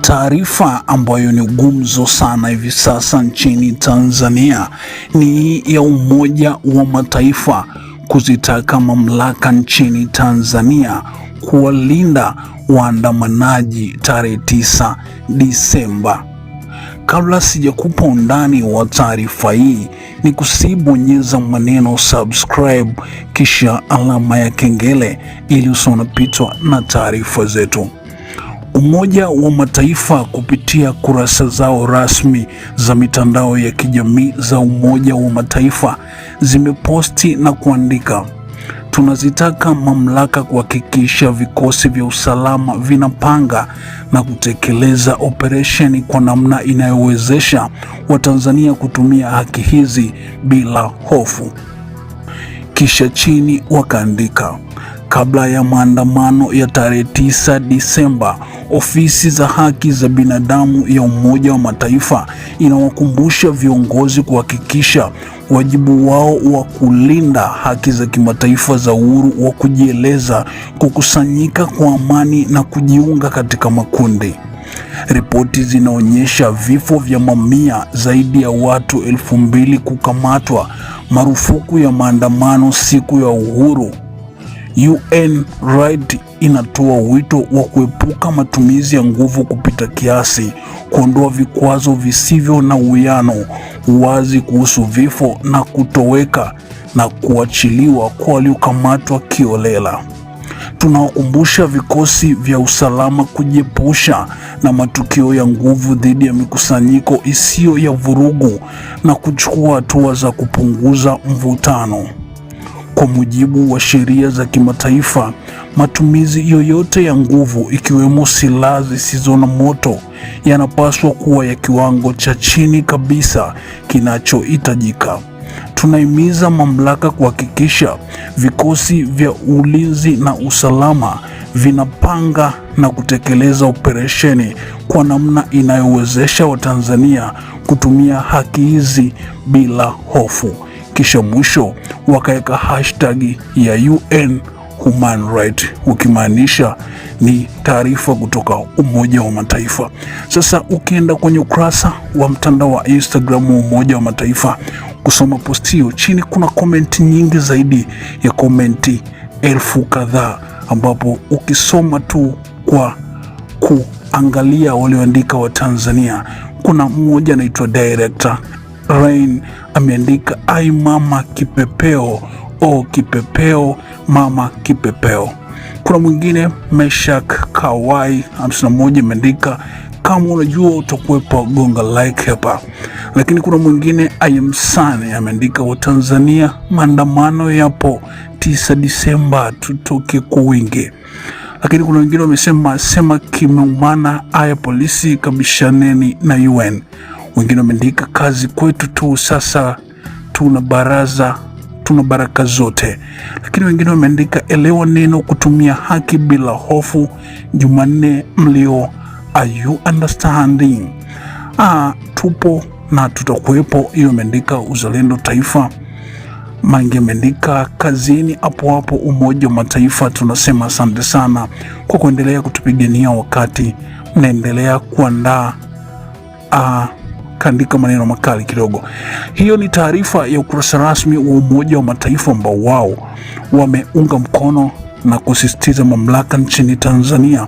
Taarifa ambayo ni gumzo sana hivi sasa nchini Tanzania ni ya Umoja wa Mataifa kuzitaka mamlaka nchini Tanzania kuwalinda waandamanaji tarehe 9 Disemba. Kabla sijakupa undani wa taarifa hii, ni kusibonyeza maneno subscribe, kisha alama ya kengele ili usionapitwa na taarifa zetu. Umoja wa Mataifa kupitia kurasa zao rasmi za mitandao ya kijamii za Umoja wa Mataifa zimeposti na kuandika tunazitaka mamlaka kuhakikisha vikosi vya usalama vinapanga na kutekeleza operesheni kwa namna inayowezesha Watanzania kutumia haki hizi bila hofu. Kisha chini wakaandika Kabla ya maandamano ya tarehe 9 Disemba, ofisi za haki za binadamu ya Umoja wa Mataifa inawakumbusha viongozi kuhakikisha wajibu wao wa kulinda haki za kimataifa za uhuru wa kujieleza, kukusanyika kwa amani na kujiunga katika makundi. Ripoti zinaonyesha vifo vya mamia, zaidi ya watu elfu mbili kukamatwa, marufuku ya maandamano siku ya uhuru UN Right inatoa wito wa kuepuka matumizi ya nguvu kupita kiasi, kuondoa vikwazo visivyo na uwiano, uwazi kuhusu vifo na kutoweka na kuachiliwa kwa waliokamatwa kiolela. Tunawakumbusha vikosi vya usalama kujiepusha na matukio ya nguvu dhidi ya mikusanyiko isiyo ya vurugu na kuchukua hatua za kupunguza mvutano. Kwa mujibu wa sheria za kimataifa, matumizi yoyote ya nguvu ikiwemo silaha zisizo na moto yanapaswa kuwa ya kiwango cha chini kabisa kinachohitajika. Tunahimiza mamlaka kuhakikisha vikosi vya ulinzi na usalama vinapanga na kutekeleza operesheni kwa namna inayowezesha Watanzania kutumia haki hizi bila hofu kisha mwisho wakaweka hashtag ya UN Human Right ukimaanisha ni taarifa kutoka Umoja wa Mataifa. Sasa ukienda kwenye ukurasa wa mtandao wa Instagram wa Umoja wa Mataifa kusoma posti hiyo, chini kuna komenti nyingi zaidi ya komenti elfu kadhaa, ambapo ukisoma tu kwa kuangalia walioandika wa Tanzania, kuna mmoja anaitwa director Rain ameandika ai, mama kipepeo, o kipepeo, mama kipepeo. Kuna mwingine Meshak Kawai 51 ameandika kama unajua utakuwepo, gonga like hapa. Lakini kuna mwingine Ayemsane ameandika Watanzania, maandamano yapo 9 Disemba, tutoke kwa wingi. Lakini kuna wengine wamesema sema kimeumana, aya polisi kabishaneni na UN. Wengine wameandika kazi kwetu tu, sasa tuna baraza tuna baraka zote. Lakini wengine wameandika elewa neno kutumia haki bila hofu. Jumanne Mlio, are you understanding? Ah, tupo na tutakuwepo. Hiyo imeandika uzalendo taifa. Mange ameandika kazini hapo hapo. Umoja wa Mataifa, tunasema asante sana kwa kuendelea kutupigania wakati mnaendelea kuandaa ah, kaandika maneno makali kidogo. Hiyo ni taarifa ya ukurasa rasmi wa Umoja wa Mataifa ambao wao wameunga mkono na kusisitiza mamlaka nchini Tanzania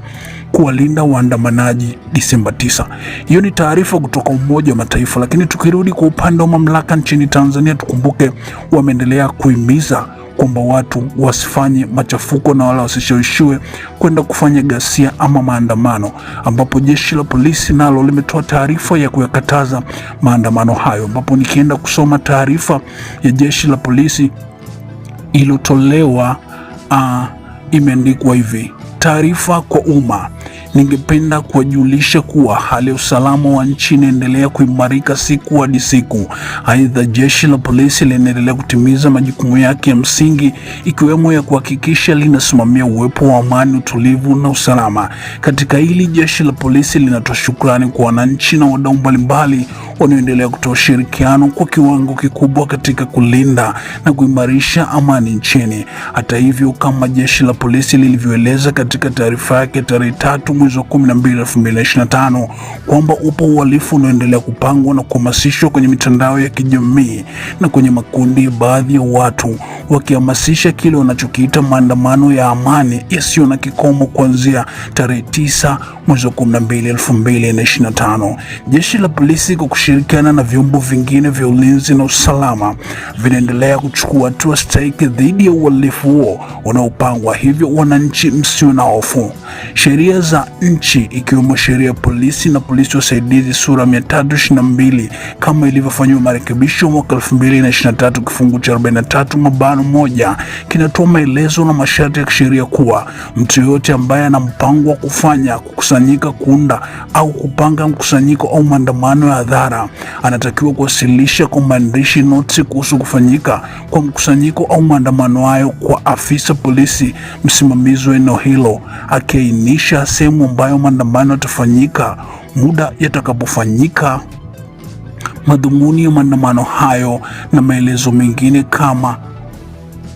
kuwalinda waandamanaji Disemba 9. Hiyo ni taarifa kutoka Umoja wa Mataifa, lakini tukirudi kwa upande wa mamlaka nchini Tanzania, tukumbuke wameendelea kuhimiza kwamba watu wasifanye machafuko na wala wasishawishiwe kwenda kufanya ghasia ama maandamano, ambapo jeshi la polisi nalo limetoa taarifa ya kuyakataza maandamano hayo, ambapo nikienda kusoma taarifa ya jeshi la polisi iliyotolewa, uh, imeandikwa hivi: taarifa kwa umma ningependa kuwajulisha kuwa hali ya usalama wa nchi inaendelea kuimarika siku hadi siku. Aidha, jeshi la polisi linaendelea kutimiza majukumu yake ya msingi, ikiwemo ya kuhakikisha linasimamia uwepo wa amani, utulivu na usalama. Katika hili, jeshi la polisi linatoa shukrani kwa wananchi na wadau mbalimbali wanaoendelea kutoa ushirikiano kwa kiwango kikubwa katika kulinda na kuimarisha amani nchini. Hata hivyo, kama jeshi la polisi lilivyoeleza katika taarifa yake tarehe tatu mwezi wa 12 2025 kwamba upo uhalifu unaoendelea kupangwa na kuhamasishwa kwenye mitandao ya kijamii na kwenye makundi ya baadhi ya watu wakihamasisha kile wanachokiita maandamano ya amani yasiyo na kikomo kuanzia tarehe 9 mwezi wa 12 2025. Jeshi la polisi kwa kushirikiana na vyombo vingine vya ulinzi na usalama vinaendelea kuchukua hatua stahiki dhidi ya uhalifu huo unaopangwa. Hivyo wananchi, msio na hofu. Sheria za nchi ikiwemo sheria ya polisi na polisi wasaidizi sura 322 kama ilivyofanyiwa marekebisho mwaka 2023 kifungu cha 43 mabano moja kinatoa maelezo na masharti ya kisheria kuwa mtu yoyote ambaye ana mpango wa kufanya, kukusanyika, kuunda au kupanga mkusanyiko au maandamano ya hadhara mara anatakiwa kuwasilisha kwa maandishi noti kuhusu kufanyika kwa mkusanyiko au maandamano hayo kwa afisa polisi msimamizi wa eneo hilo, akiainisha sehemu ambayo maandamano yatafanyika, muda yatakapofanyika, madhumuni ya maandamano hayo na maelezo mengine kama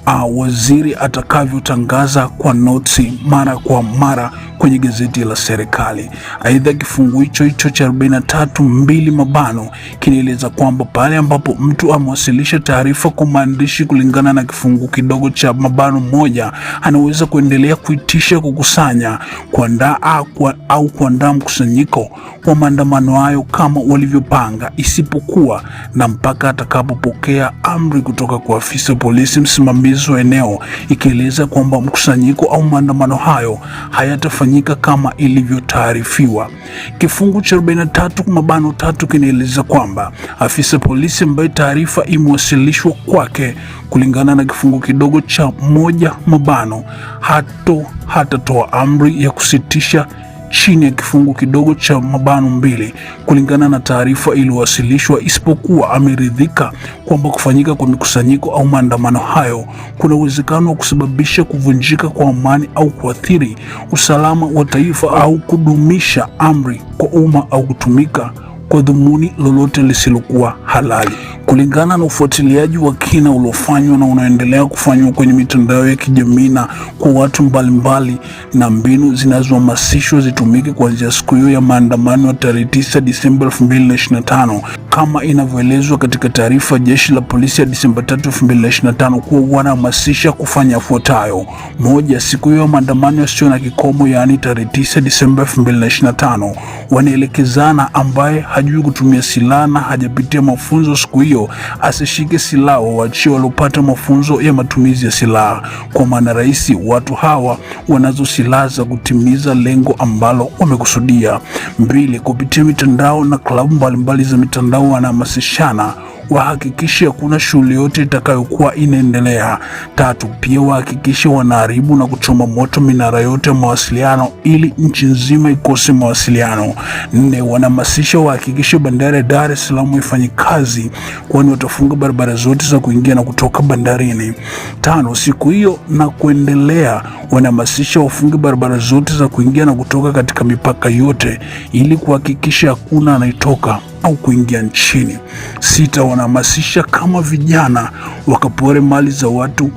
a, ah, waziri atakavyotangaza kwa noti mara kwa mara kwenye gazeti la serikali. Aidha, kifungu hicho hicho cha 43 mbili mabano kinaeleza kwamba pale ambapo mtu amewasilisha taarifa kwa maandishi kulingana na kifungu kidogo cha mabano moja, anaweza kuendelea kuitisha, kukusanya, kuandaa au kuandaa mkusanyiko kwa maandamano hayo kama walivyopanga, isipokuwa na mpaka atakapopokea amri kutoka kwa afisa polisi msimamizi wa eneo, ikieleza kwamba mkusanyiko au maandamano hayo hayatafanyika kufanyika kama ilivyotaarifiwa. Kifungu cha 43 mabano tatu kinaeleza kwamba afisa polisi ambaye taarifa imewasilishwa kwake kulingana na kifungu kidogo cha moja mabano hato hatatoa amri ya kusitisha chini ya kifungu kidogo cha mabano mbili kulingana na taarifa iliyowasilishwa, isipokuwa ameridhika kwamba kufanyika kwa mikusanyiko au maandamano hayo kuna uwezekano wa kusababisha kuvunjika kwa amani au kuathiri usalama wa taifa au kudumisha amri kwa umma au kutumika kwa dhumuni lolote lisilokuwa halali. Kulingana na ufuatiliaji wa kina uliofanywa na unaendelea kufanywa kwenye mitandao ya kijamii na kwa watu mbalimbali, na mbinu zinazohamasishwa zitumike kuanzia siku hiyo ya maandamano ya tarehe 9 Disemba 2025 kama inavyoelezwa katika taarifa jeshi la polisi ya Disemba 3, 2025 kuwa wanahamasisha kufanya yafuatayo: moja, siku hiyo maandamano yasiyo na kikomo, yaani tarehe 9 Disemba 2025, wanaelekezana ambaye hajui kutumia silaha na hajapitia mafunzo siku hiyo asishike silaha, waachie waliopata mafunzo ya matumizi ya silaha. Kwa maana rahisi, watu hawa wanazo silaha za kutimiza lengo ambalo wamekusudia. Mbili, kupitia mitandao na klabu mbalimbali za mitandao au wanahamasishana wahakikishe hakuna shughuli yote itakayokuwa inaendelea. Tatu, pia wahakikishe wanaharibu na kuchoma moto minara yote ya mawasiliano ili nchi nzima ikose mawasiliano. Nne, wanahamasisha wahakikishe bandari ya Dar es Salaam ifanye kazi, kwani watafunga barabara zote za kuingia na kutoka bandarini. Tano, siku hiyo na kuendelea, wanahamasisha wafunge barabara zote za kuingia na kutoka katika mipaka yote ili kuhakikisha hakuna anayetoka au kuingia nchini. Sita, wanahamasisha kama vijana wakapore mali za watu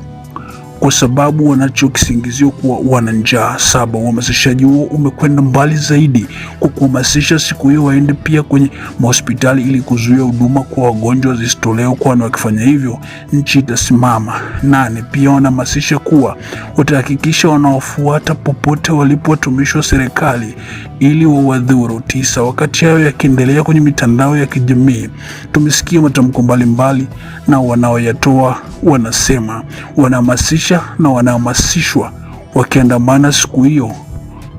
kwa sababu wanachokisingizio kuwa wana njaa. Saba, uhamasishaji huo umekwenda mbali zaidi kwa kuhamasisha siku hiyo waende pia kwenye mahospitali ili kuzuia huduma kwa wagonjwa zisitolewe, kwani wakifanya hivyo nchi itasimama. Nane, pia wanahamasisha kuwa watahakikisha wanaofuata popote walipo watumishi wa serikali ili wawadhuru. Tisa, wakati hayo yakiendelea kwenye mitandao ya kijamii tumesikia matamko mbalimbali na wanaoyatoa wanasema wanahamasisha wanahamasisha na wanahamasishwa wakiandamana siku hiyo,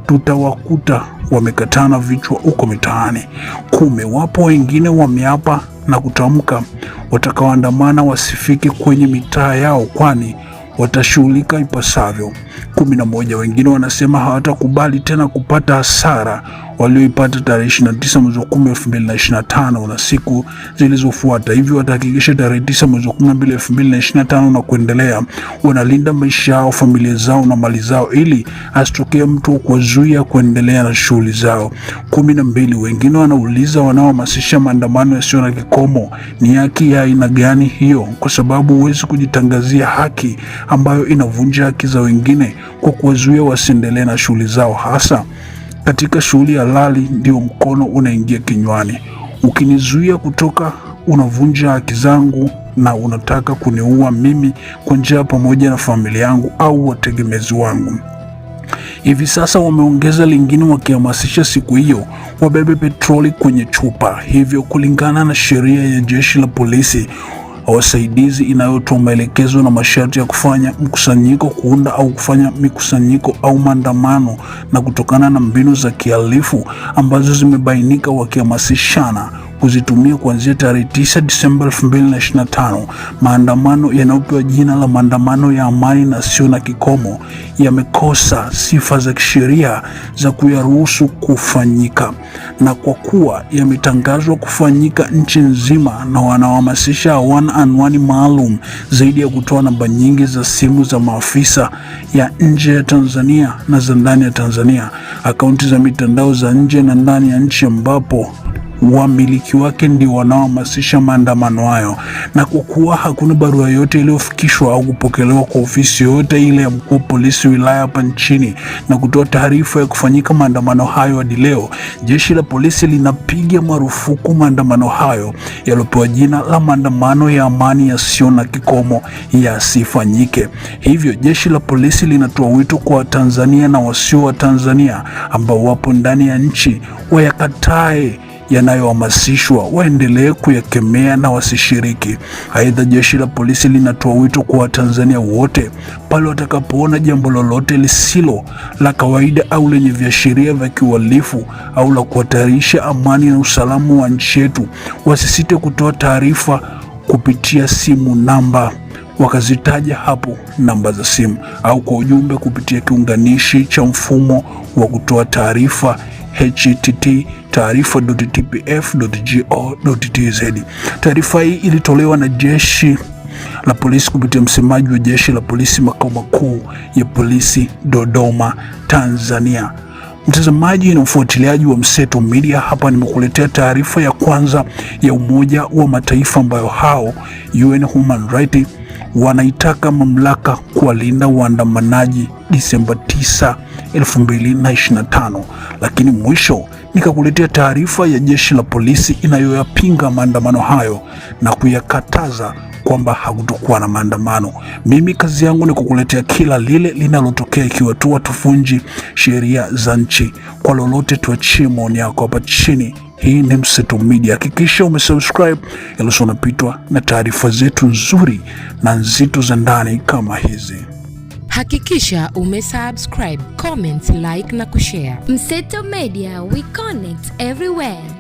tutawakuta wamekatana vichwa huko mitaani. Kume wapo wengine wameapa na kutamka watakaoandamana wasifike kwenye mitaa yao, kwani watashughulika ipasavyo kumi na moja. Wengine wanasema hawatakubali tena kupata hasara walioipata tarehe 29 mwezi wa 10 2025 na siku zilizofuata, hivyo watahakikisha tarehe 9 mwezi wa 12 2025 na kuendelea wanalinda maisha yao, familia zao na mali zao, ili asitokee mtu kuwazuia kuendelea na shughuli zao. kumi na mbili. Wengine wanauliza wanaohamasisha maandamano yasiyo na kikomo, ni haki ya aina gani hiyo? Kwa sababu huwezi kujitangazia haki ambayo inavunja haki za wengine kwa kuwazuia wasiendelee na shughuli zao, hasa katika shughuli halali. Ndio mkono unaingia kinywani, ukinizuia kutoka, unavunja haki zangu na unataka kuniua mimi kwa njia pamoja na familia yangu au wategemezi wangu. Hivi sasa wameongeza lingine, wakihamasisha siku hiyo wabebe petroli kwenye chupa. Hivyo kulingana na sheria ya jeshi la polisi wasaidizi inayotoa maelekezo na masharti ya kufanya mkusanyiko, kuunda au kufanya mikusanyiko au maandamano, na kutokana na mbinu za kihalifu ambazo zimebainika wakihamasishana kuzitumia kuanzia tarehe 9 Disemba 2025. Maandamano yanayopewa jina la maandamano ya amani na sio na kikomo yamekosa sifa za kisheria za kuyaruhusu kufanyika, na kwa kuwa yametangazwa kufanyika nchi nzima na wanaohamasisha hawana anwani maalum zaidi ya kutoa namba nyingi za simu za maafisa ya nje ya Tanzania na za ndani ya Tanzania, akaunti za mitandao za nje na ndani ya nchi ambapo wamiliki wake ndio wanaohamasisha maandamano hayo, na kwa kuwa hakuna barua yote iliyofikishwa au kupokelewa kwa ofisi yoyote ile ya mkuu polisi wilaya hapa nchini na kutoa taarifa ya kufanyika maandamano hayo hadi leo, jeshi la polisi linapiga marufuku maandamano hayo yaliyopewa jina la maandamano ya amani yasiyo na kikomo yasifanyike. Hivyo jeshi la polisi linatoa wito kwa Watanzania na wasio Watanzania ambao wapo ndani ya nchi wayakatae yanayohamasishwa waendelee kuyakemea na wasishiriki. Aidha, jeshi la polisi linatoa wito kwa Watanzania wote pale watakapoona jambo lolote lisilo la kawaida au lenye viashiria vya kiuhalifu au la kuhatarisha amani na usalama wa nchi yetu, wasisite kutoa taarifa kupitia simu namba wakazitaja hapo namba za simu au kwa ujumbe kupitia kiunganishi cha mfumo wa kutoa taarifa http taarifa.tpf.go.tz. Taarifa hii ilitolewa na jeshi la polisi kupitia msemaji wa jeshi la polisi makao makuu ya polisi Dodoma, Tanzania. Mtazamaji na mfuatiliaji wa Mseto Media, hapa nimekuletea taarifa ya kwanza ya Umoja wa Mataifa ambayo hao UN Human Rights wanaitaka mamlaka kuwalinda waandamanaji Disemba 9, 2025. Lakini mwisho nikakuletea taarifa ya jeshi la polisi inayoyapinga maandamano hayo na kuyakataza kwamba hakutokuwa na maandamano. Mimi kazi yangu ni kukuletea kila lile linalotokea, ikiwa tu watufunji sheria za nchi. Kwa lolote, tuachie maoni yako hapa chini. Hii ni Mseto Media, hakikisha umesubscribe ili unapitwa na taarifa zetu nzuri na nzito za ndani kama hizi. Hakikisha umesubscribe, comment, like na kushare. Mseto Media, we connect everywhere.